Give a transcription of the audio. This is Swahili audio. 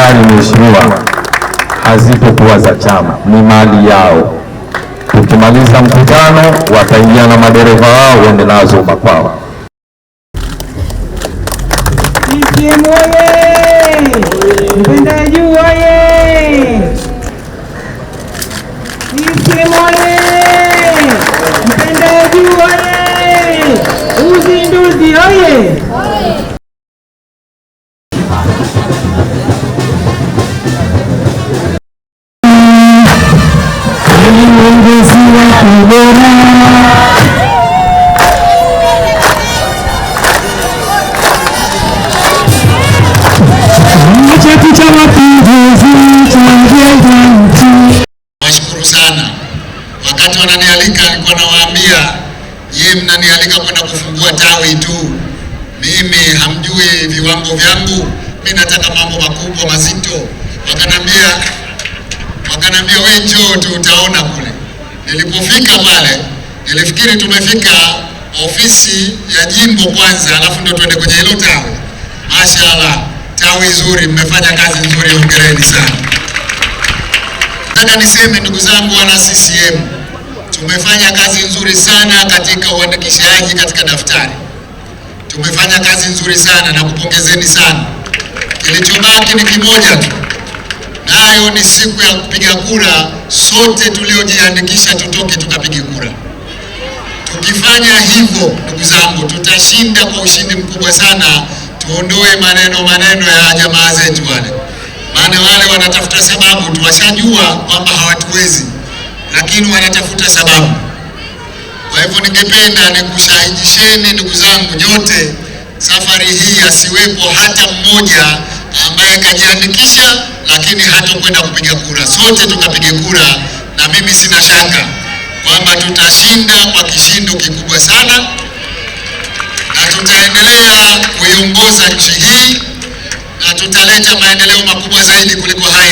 serikali mheshimiwa, kuwa za chama, ni mali yao. Tukimaliza mkutano, wataingia na madereva wao waende nazo Makwao. Uzinduzi waliongezewa ubora. Chama Washukuru sana. Wakati wananialika alikuwa nawaambia yeye, mnanialika kwenda kufungua tawi tu, mimi hamjui viwango vyangu, mi nataka mambo makubwa mazito, wakanambia Akaniambia we njoo tu utaona kule. Nilipofika pale nilifikiri tumefika ofisi ya jimbo kwanza, alafu ndo tuende kwenye hilo tawi. Mashallah, tawi nzuri, mmefanya kazi nzuri, hongereni sana. Nataka niseme ndugu zangu wana CCM, tumefanya kazi nzuri sana katika uandikishaji katika daftari. Tumefanya kazi nzuri sana na kupongezeni sana. Kilichobaki ni kimoja tu Ijayo ni siku ya kupiga kura. Sote tuliojiandikisha tutoke tukapige kura. Tukifanya hivyo, ndugu zangu, tutashinda kwa ushindi mkubwa sana. Tuondoe maneno maneno ya jamaa zetu wale, maana wale wanatafuta sababu tu, washajua kwamba hawatuwezi, lakini wanatafuta sababu. Kwa hivyo, ningependa nikushahidisheni ndugu zangu nyote, safari hii asiwepo hata mmoja ambaye kajiandikisha lakini hatukwenda kupiga kura, sote tutapiga kura, na mimi sina shaka kwamba tutashinda kwa kishindo kikubwa sana, na tutaendelea kuiongoza nchi hii na tutaleta maendeleo makubwa zaidi kuliko haya.